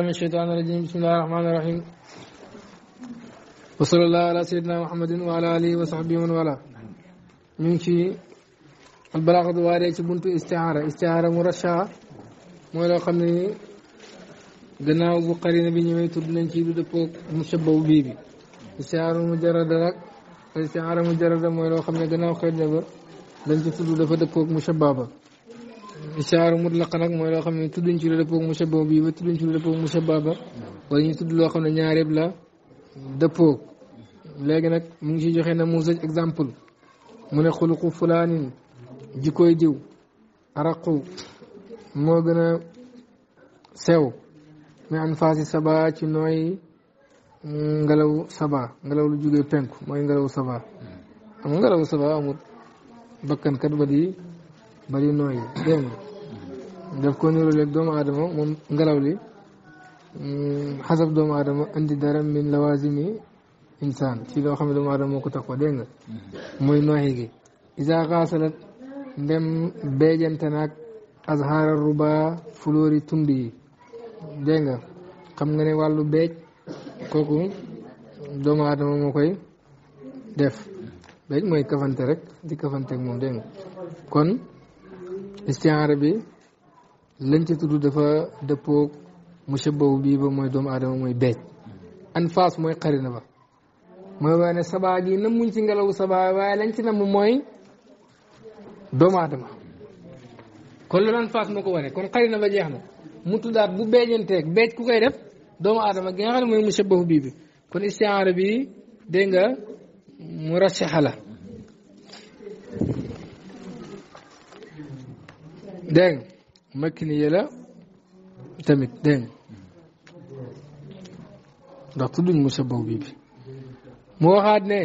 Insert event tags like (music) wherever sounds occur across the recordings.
من الشيطان الرجيم بسم الله الرحمن الرحيم وصلى الله على سيدنا محمد وعلى اله وصحبه من والاه من شي البلاغ دواري شي بنت استعاره استعاره مرشا مولا خمني غناو بو قرين بي نيوي تود نانشي دو دبوك مشبو بيبي استعاره مجرد رك استعاره مجرد مولا خمني غناو خير نبر نانشي تود دفا دبوك مشبابا ishaaru la nag mooy loo xam ne tudduñ ci lu dëppoog mushabbah bi ba tudduñ ci lu dëppoog mushabbah ba wala ñu tudd loo xam ne ñaar yëpp la dëppoog léegi nag mu ngi ciy joxe na musaj example mu ne xuluqu fulaanin jikkoy diw araqu moo gën a sew mais an saba ci nooy ngelaw saba ngelaw lu jugee penku mooy ngelaw saba am ngelaw saba amul bakkankat ba di bari daf ko niru léeg doomu aadama moom ngelaw li xasab doomu aadama indi dara min lawazimi insaan ci loo xam ne doomu moo ko tax ko dégg nga mm-hmm. muy nooxi gi isa xaasalat ndem beejante naag xam nga ne wàllu beej kooku doomu aadama moo koy def beej mooy kafante rek di kafanteeg moom dégg nga kon istiaara bi lañ ca tudd dafa dëppoog mushabahu bii ba mooy doomu aadama mooy beej an faas mooy xarina ba mooy waaye ne sabaa gi namuñ ci ngelaw sabaa waaye lañ ci namm mooy doomu aadama kon loolu an faas moo ko wane kon na ba jeex na mu tuddaat bu beejanteeg beej ku koy def doomu aadama gi nga xam ne mooy bii bi kon istiaara bi dégg nga mu rashaxa la dégg makniya la tamit dégg ndax tudduñ musabbaw bi mu waxaat ne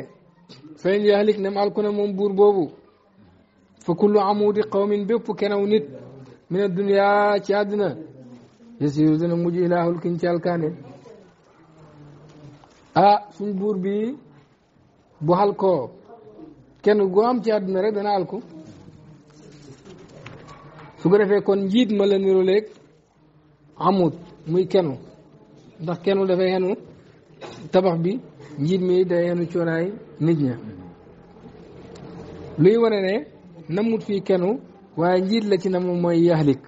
fayn yahlik nem alku na moom buur boobu fa kullu amudi qawmin bépp kenaw nit min a dunia ci àdduna yasiru dana mujj ilaahul kiñ ci alkaane ah suñ buur bi bu xal ko gu am ci àdduna rek dana alku su ko defee kon njiit ma la niroleeg amut muy kennu ndax kennu dafa yenu tabax bi njiit mi day yenu coonaay nit ña luy wane ne namut fii kennu waaye njiit la ci namu mooy yaxlik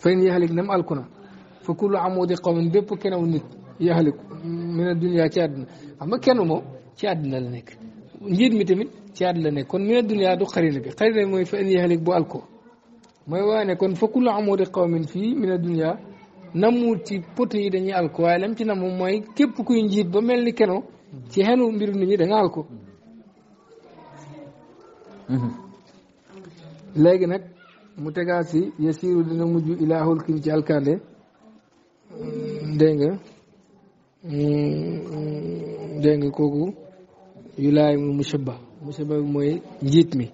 fa in yaxlik nam alkuna fa kullu amudi qawmin bépp kennaw nit yaxliku mina duniyaa ci àdduna xam nga kennu moom ci àdduna la nekk njiit mi tamit ci àdduna la nekk kon mina duniyaa du xarina bi xarina mooy fa in yaxlik bu alko moy wane kon fa kulle amori qawmin fi min adunia namu ci pote yi dañuy alko waaye lam ci namu mooy képp kuy njiit ba mel ni keno ci xenu mbiru nit ñi danga alko mhm. léegi nag mu tegaa si yasiru dina mujj ilahul kin ci alkande dégg nga dégg nga kooku yulaay mu mushabba mushabba mooy njiit mi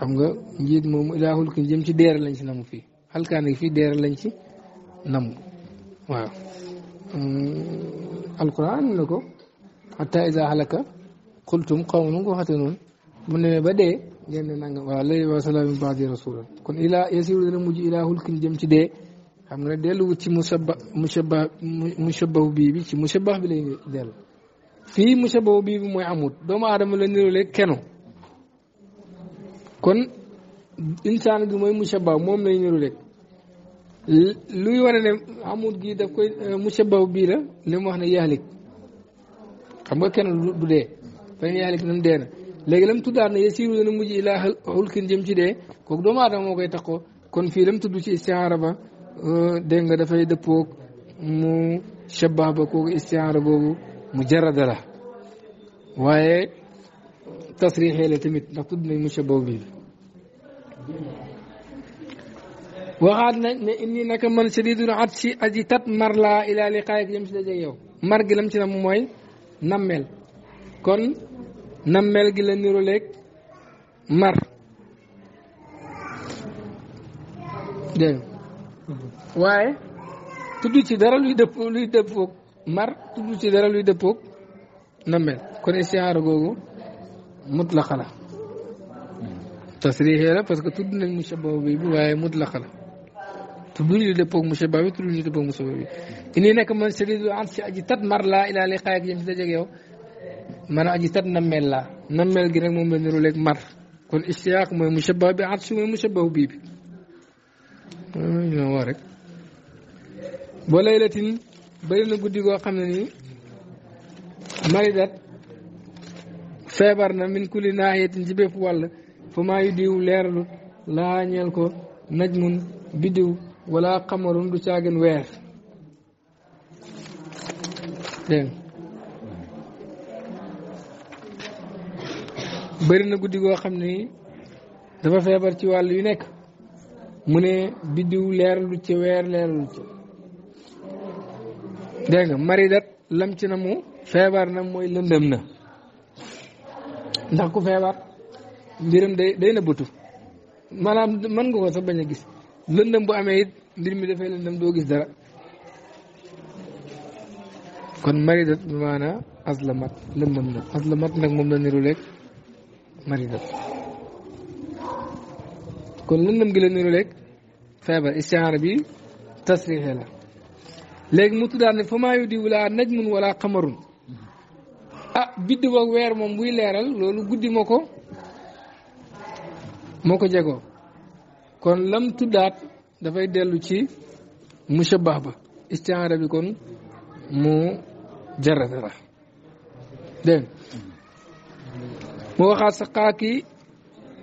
xam nga njiit moom ilaahul ki jëm ci deere lañ ci namu fii alkaani fii deere lañ ci namu waaw mm, alquran na ko xataa isa xalaka xultum xaw nu ko mu ne ba dee ngeen ne nanga waaw ilaahul ki jëm ci dee xam nga ne delluwut ci musaba musaba musabahu bii bi ci musabah bi lay dellu fii musabahu bii mooy amut doomu aadama la nirole keno kon insaan gi mooy mushabaw moom lay niru rek luy wane ne amut gi daf koy euh, mushabaw bii la li mu wax ne yaxlik xam nga kenn du dee fa yaxlik nam dee na léegi lam tuddaat ne yasiru dana mujj ilaa xulkin jëm ci dee kook doomu aadama moo koy taxoo kon fii lam tudd ci istihaara ba euh, dégg nga dafay dëppoog mu shabax ba kooku istihaara boobu mu jarada la waaye tasriixee la tamit ndax tudd nañ mushabahu bi waxaat nañ ne inni naka man shadidul atsi aji tat mar laa ilaa yow mar gi lam ci nam mooy nammeel gi la niroleeg mar dégg waaye tudd ci dara luy dëpp luy dëppoog mar tudd ci dara luy dëppoog nammeel kon istihaara googu mutlaqa la tasrixee la parce que tudd nañ mushabaha bi bi waaye mutlaqa la tudduñ li dëppoog mushabaha bi tudduñ li dëppoog mushabaha bi ini nekk man shadidu an si aji tat mar laa ilaa liqaayik jëm si dajeeg yow man aji tat nammeel laa nammeel gi nag moom la niru leeg mar kon ishtiyaaq mooy mushabaha bi an si mooy mushabaha bii bi woo rek ba laylatin bëri na guddi goo xam ne nii maridat feebar na min kulli naahiyatin ci bépp wàll fa maa yu diw leeralut laa ñeel ko najmun biddiw wala xamarun du caagin weer dégg bëri na guddi koo xam ni dafa feebar ci wàll yu nekk mu ne biddiw leeralut ci weer leeralut ci dégg nga maridat lam ci na mu feebar na mooy lëndëm na ndax ku feebar mbiram day day nëbbatu maanaam mën nga ko sax bañ a gis lëndëm bu amee it mbir mi dafay lëndëm doo gis dara kon maridat bi maanaam aslamat lëndëm la aslamat nag moom la niru lekk maridat kon lëndëm gi la niru lekk feebar istihaara bi tasrixe la léegi mu tuddaat ne fa maa yu diw laa najmun wala xamarun ah biddiw ak weer moom buy leeral loolu guddi moo ko moo ko jegoo kon lam tuddaat dafay dellu ci mushabbah ba istiaara bi kon mu jarata la dégg moo waxaat sa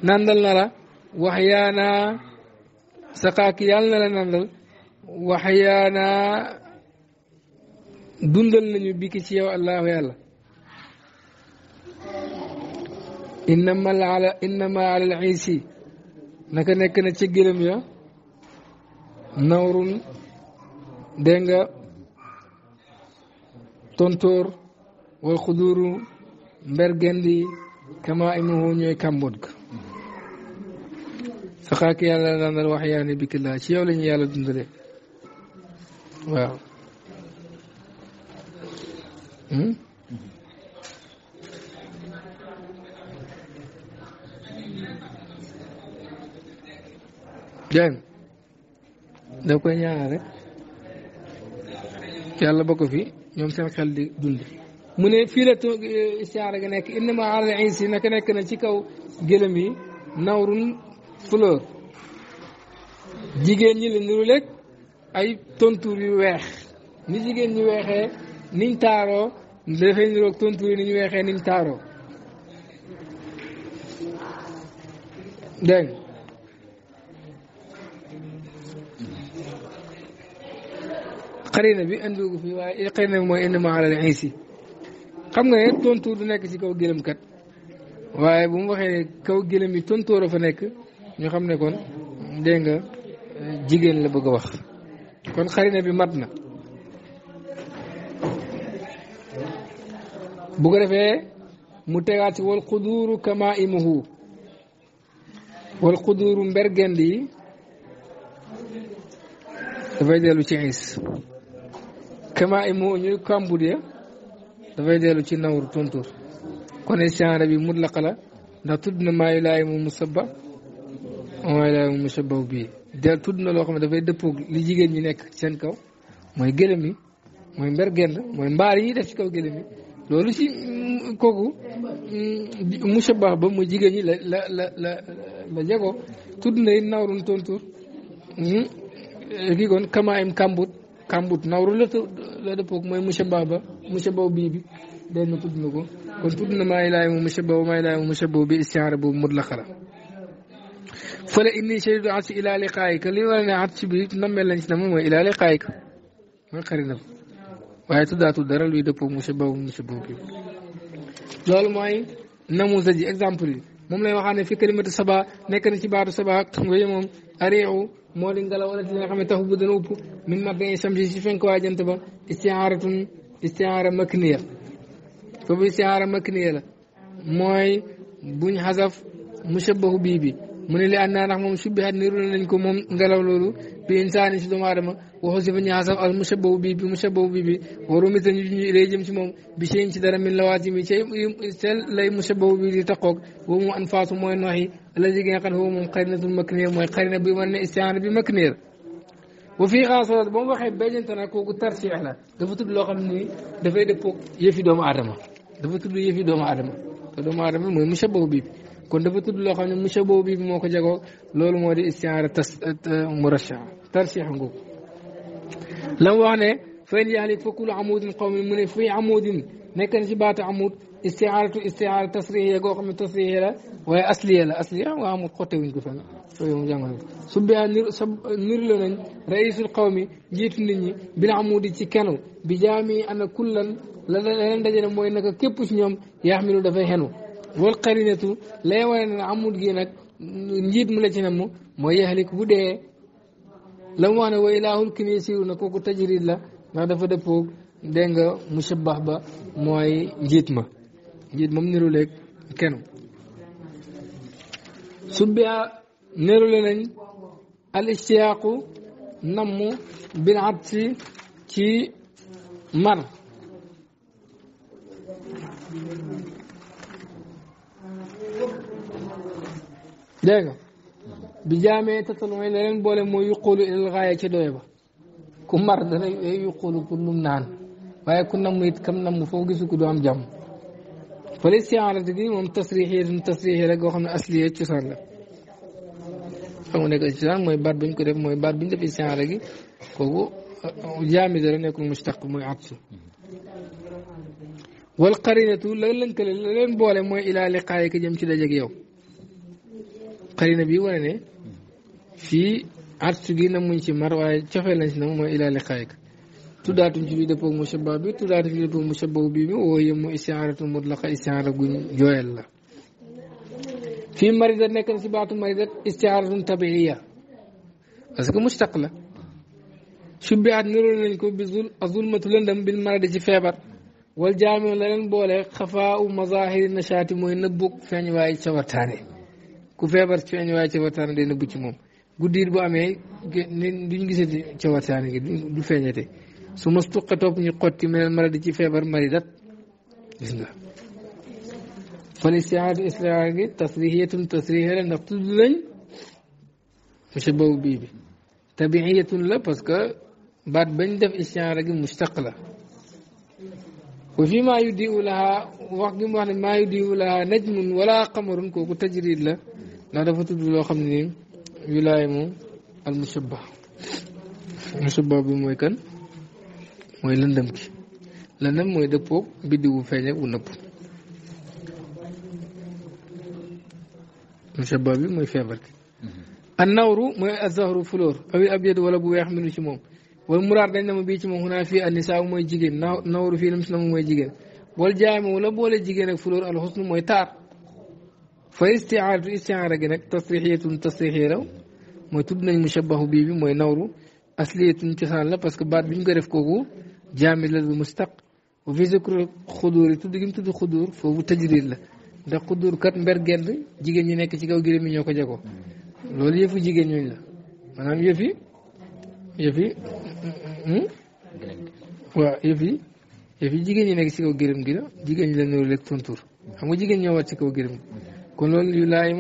nandal na la waxyaana saqaaki na la waxyaana dundal nañu bikki ci yow allahu yàlla innama ala innama alal iisi naka nekk na ci gëlëm ya nawrun dégg nga tontóor wal xuduuru mbergendi kama imahu ñooy kàmboot ga saxaak yàlla daanal wax yaa ne bikki laa ci yow lañu yàlla dundale waaw hmm? dégg da koy ñaanal rek yàlla bokk fi ñoom seen xel di dund mu ne fii la eh, istiaara ga nekk innama ala insi naka nekk na ci kaw gëlëm yi nawrun fleur jigéen ñi la niru lekk ay tontuur yu weex ni jigéen ñi weexee niñ taaro dafay niroog tontuur yi niñ weexee niñ taaroo dégg xarina bi andi ko fi waaye xarina bi mooy indima alal insi xam nga ne tontuur du nekk ci kaw gëlëm waaye bu mu waxee kaw gëlëm yi tontóor a fa nekk ñu xam ne kon dégg nga jigéen la bëgg a wax kon xarina bi mat na bu ko defee mu tegaat ci wal xuduuru kama imuhu wal xuduuru mbergend yi dafay dellu ci iis kamaa i e moo ñuy kàmbur dafay dellu ci nawru tontur kon istiaara e bi mutlaqa la ndax tudd na maa ilaahi mu musabba maa ilaahi mu musabba bii del tudd na loo xam ne dafay dëppoog li jigéen ñi nekk seen kaw mooy gëlëm yi mooy mber genn mooy mbaar yi def ci kaw gëlëm yi loolu ci mm, kooku mm, musabba ba mu jigéen ñi la la la la la jagoo tudd na it nawrun tontur mm, kii kon kamaa im kàmbut kambut nawru la la dëppoog mooy mushabba ba mushabba bii bi day na tudd na ko kon tudd na maa ilaay mu mushabba maa ilaay mu mushabba bi istihaara boobu mutlaqa la fële inni shadidu atsi ilaa liqaayika li war ne atsi bi nammee lañ si na mooy ilaa liqaayika mooy xari ba waaye tuddaatul dara luy dëppoog mushabba bu mushabba bi loolu mooy namusa ji exemple yi moom lay waxaane fi kalimatu saba nekk na baatu saba wéye moom ariu moo di ngelaw wala li nga xam ne taxu bu dana upp min mabin samsi si fenk waa jant ba istihaaratun istihaara makniya foofu istihaara makniya la mooy buñ xasaf mushabahu bii bi من اللي أننا نحن مشبه نرو لنا كم هم قالوا لولو بإنسان يشدو مارم وهو سيفني حسب المشبه بي بي مشبه بي بي ورومي تنجي ريجم شمو بشيء مش دارم من لواتي مي شيء يسال لا مشبه بي تقوك وهم أنفاس وما ينوحي الذي كان يقول هو من قرنة المكنير ما يقرن بي من استعان بمكنير وفي خاصة بون بحب بيجن تناكو كتر شيء حنا دفوت بلوغ مني دفوت بلوغ يفي دوم عرمه دفوت بلوغ يفي دوم عرمه دوم عرمه مشبه بي, بي. كون دا فتود لو خاني مشا بوبي موكو جاغو لول مودي استعاره تس مرشع ترشيح نغوك لو واني فين يالي فكل عمود القوم من في عمود نكن سي بات عمود استعارة استعارة تصريح يا جوكم تصريح لا ويا أصلية لا أصلية وهم قطع كفنا في يوم نير سب نير لنا رئيس القومي جيت نني بالعمود تكانو بجامي أنا كلن لا لا لا نتجنب وين نك كيبوش نيوم يحملوا دفع هنو wal xarinatu lay wane ne amul njiit mu la ci nam mooy yaxlik bu dee la mu wax ne wa ilaahul kinisiru na kooku tajrid la ndax dafa dëppoog dégg nga mushabbah ba mooy njiit ma njiit moom niru léeg kenn subbiha niru le nañ al istiyaaqu namm bil absi ci mar dégg nga bi jaamee tatalooy la leen boole mooy yuqulu ilal gaaya ci doy ba ku mar dana yuqulu pour num naan waaye ku namm it kam namm foo gisu ko du am jàmm fële siyaarati gi moom tasriixi dun rek goo xam ne asliye cosaan la xam nga nekk cosaan mooy baat bañ ko def mooy baat biñ def siyaara gi kooku euh, jaami dara nekkul mustaq mooy atsu wal qarinatu la lënkale la leen boole mooy ilaa liqaayika jëm ci dajeeg yow xarina bi wane ne fii artu gi namuñ ci mar waaye cofee lañ si nag mooy ilaa liqaayik tuddaatuñ ci fii dëppoo mushabba bi tuddaatu fii dëppoo mushabba bi bi woo yëmu istiaaratu mutlaqa istiaara nekk si baatu marida istiaaratun tabiiya parce que mustaq la subbihaat niroon nañ ko bi zul azulmatu lëndam bil marada ci feebar wal jaamio la leen boole xafaa u mazahiri nashaati mooy nëbbug feeñ waaye cawartaane ku feebar ci añ waaye ca wartaane day nëbbu ci moom guddiit bu amee ni duñ gisati ca wartaane gi du feeñate su ma tuqa topp ñu xotti meneen maradi ci feebar maridat gis nga fal istiaatu istiaa gi tasrihiyatun tasrihiya la ndax tudd lañ tabiiyatun la parce que baat bañ def istiaara gi mustaq fi maa yudiu lahaa wax gi mu wax ne maa yudiu najmun wala qamarun kooku tajrid la ndax dafa tudd loo xam ne ni wilaaya moom al musabba musabba bi mooy kan mooy lëndëm ki lëndëm mooy dëppoog biddi bu feeñ ak bu nëpp musabba bi mooy feebar ki mhm. an nawru mooy azahru fleur awi abyad wala bu weex minu ci moom wala muraar dañ na ma ci moom xunaa fii annisaa mooy jigéen nawru fii nam si na mooy jigéen bool jaay ma boole jigéen ak fleur al xusnu mooy taar fa istiaaratu istiaara gi nag tasrixiyatun tasrixiya la mooy tudd nañ mushabahu bii bi mooy nawru asliyatun cosaan la parce que baat bi ñu ko def kooku jaami la lu mustaq wa fi zikru xuduur yi tudd gi mu tudd xuduur foofu tajriir la ndax xuduur kat mber gend jigéen ñi nekk ci kaw gërëm yi ñoo ko jagoo loolu yëfu jigéen ñooñu la maanaam yëfi yëfi hmm? waaw jigéen ñi nekk ci gërëm gi la jigéen ñi la nëru lekk tontuur xam nga jigéen ñoo wat ci kaw gërëm gi كلول يلائم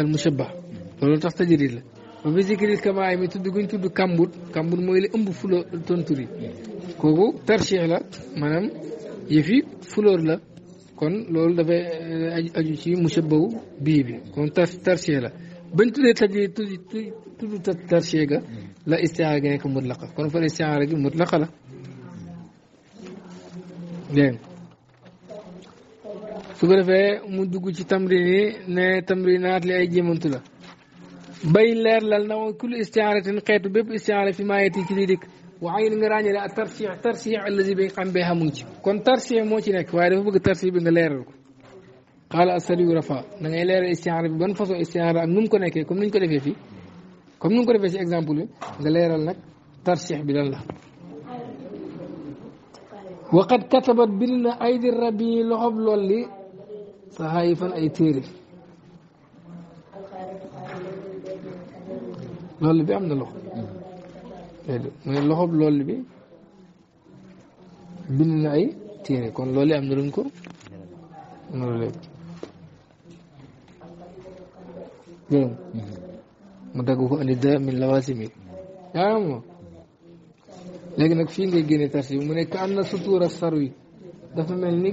المشبه كلول تحت جريلا وبذكر الكمائم تدقو انتو دو كامبود كامبود مو يلي امبو فلور تنتوري كوكو ترشيح لا مانام يفي فلور لا كون لول دفع اجوشي مشبهو بيبي كون ترشيح لا بنتو دي تجي تجي تجي ترشيح لا استعاقه كمطلقه كون فالاستعاقه مطلقه لا Yeah. su ko defee mu dugg ci tamrin yi ne tamrinaat li ay jéemantu la bay leer lal na wa kullu istiaaratin xeetu bépp istiaara fi maayati ci lii dikk waaye li nga ràññale ak tarsiix tarsiix allazi bi nga xam bee xamuñ ci kon tarsiix moo ci nekk waaye dafa bëgg tarsiix bi nga leeral ko xaala asaliu rafa da ngay leeral istiaara bi ban façon istiaara ak nu mu ko nekkee comme ni ñu ko defee fii comme ni mu ko defee ci exemple bi nga leeral rabi loxob saxaayifan ay téere loolu bi am na loxo mu ne loxo loolu bi bind na ay téere kon loolu am na luñ ko loolu lépp mu dagg ko andi da min lawasimi yaa ngi léegi nag fii ngay génne tarsi mu nekk am na sutura saru dafa mel ni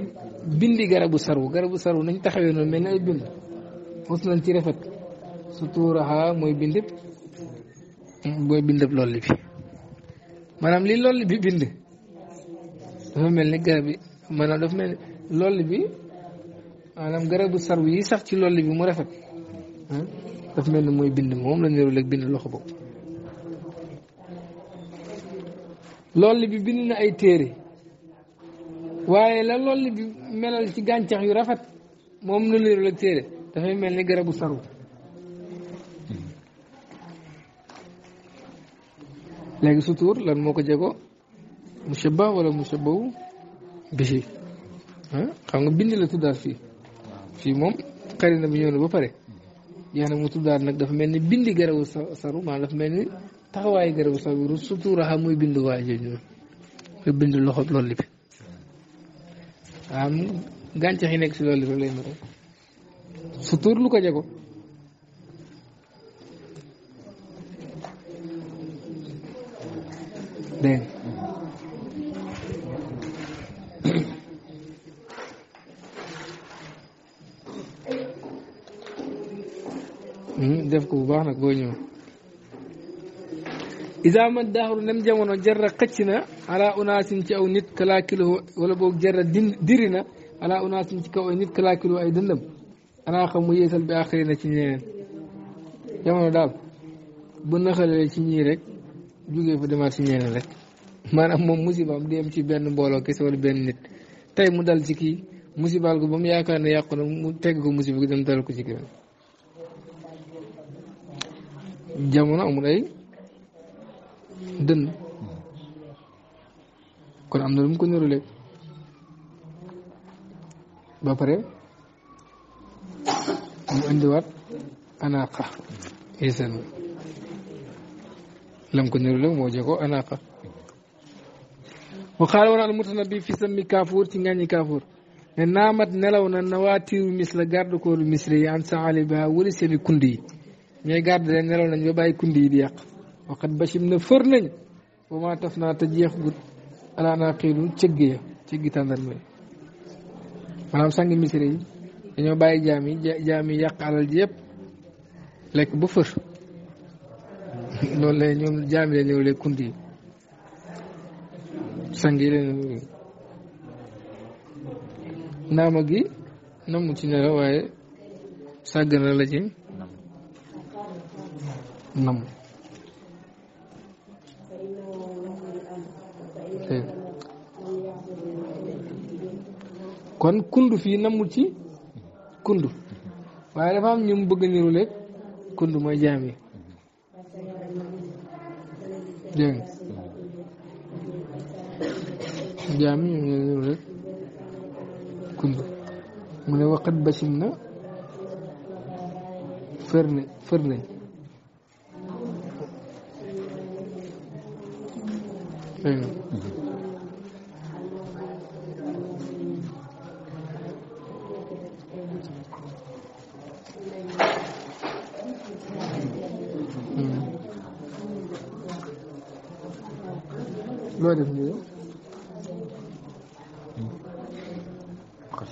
bind garabu sarwu garabu sarwu nañ taxawee noonu mel ni ay bind xus nañ ci rafet sutuuraha mooy bindib hmm, mooy bindib lolli bi maanaam li lolli bi bind dafa mel ni garab yi maanaam dafa mel ni bi maanaam garabu sarwu yi sax ci lolli bi mu rafet hmm, dafa mel ni mooy bind moom la niru rek bind loxo boobu lolli bi bind na ay téere waaye la loolu di melal ci gàncax yu rafet moom la niru ak téere dafay mel ni garabu saru léegi sutur lan moo ko jego mushabba wala mushabbahu bihi xam nga bind la tuddaat fii fii moom xarina bi ñëw na ba pare jeex na mu tuddaat nag dafa mel ni bind garabu saru maanaam dafa mel ni taxawaayu garabu saru sutura xam muy bind waa jooju nga bind loxo loolu bi waaw gàncax yi nekk si loolu daf lay futur lu ko jago dégg (coughs) hmm, def ko bu baax nag boo ñëw isa man daaxaru nem jamono jarra xëcc na ala unaasin ci aw nit kalaakiloo wala boog jarra diri na ala unaasin ci kaw ay nit kalaakiloo ay dëndam anaa xam mu yeesal bi axari na ci ñeneen jamono daal bu naxalee ci ñii rek jógee fa demaat ci ñeneen rek maanaam moom musibaam di am ci benn mbooloo kese wala benn nit tey mu dal ci kii musibaal ko ba mu yaakaar ne yàqu na mu tegg ko musiba gi dem dal ko ci kii jamono amul ay dënn kon am na lu mu ko niruleeg ba pare mu indiwaat anaaqa isan lam ko niruleeg moo jee ko anaaqa wa xaala woon al mutanabi fi sammi kaafuur ci ngàññi kaafuur ne naamat nelaw na nawaatiru misla garde corps misri yi an saali ba wala seeni kundi yi ñooy garde leen nelaw nañ ba bàyyi kundi yi di yàq waxat bachim na fër nañ wama taf naa te jeex gut alaanaa xiilul cëgg ya cëggi tàndarma yi maanaam sangi misiri yi dañoo bàyyi jaam yi jaam yi yàq alal ji yëpp lekk ba fër loolu la ñoom jaam yi la ñëw lekk yi sang yi la naama gi namu ci nelaw waaye sàgg na la ci nam kon kundu fii namul ci kundu waaye dafa am ñu bëgg a niru léeg kundu mooy jaam yi dégg nga niru léeg kundu mu ne waqat basim na fër na fër nañ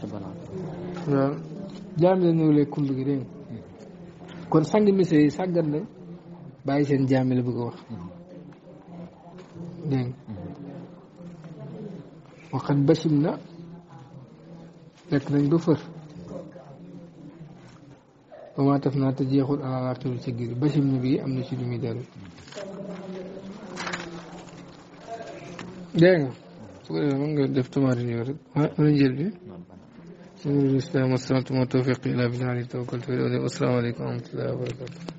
waaw jaam la ñëw lay kull kon sang misa yi sàggan la bàyyi seen jaam la bëgg a wax dégg waxat bashim na lekk nañ ba fër ba maa taf naa te jeexul alaxir ci giir bashim na bii am na ci lu muy dellu nga su ko defee mën nga def tamarin yow rek wala njël bi الإسلام والسلامة والتوفيق إلى والسلام عليكم ورحمة الله وبركاته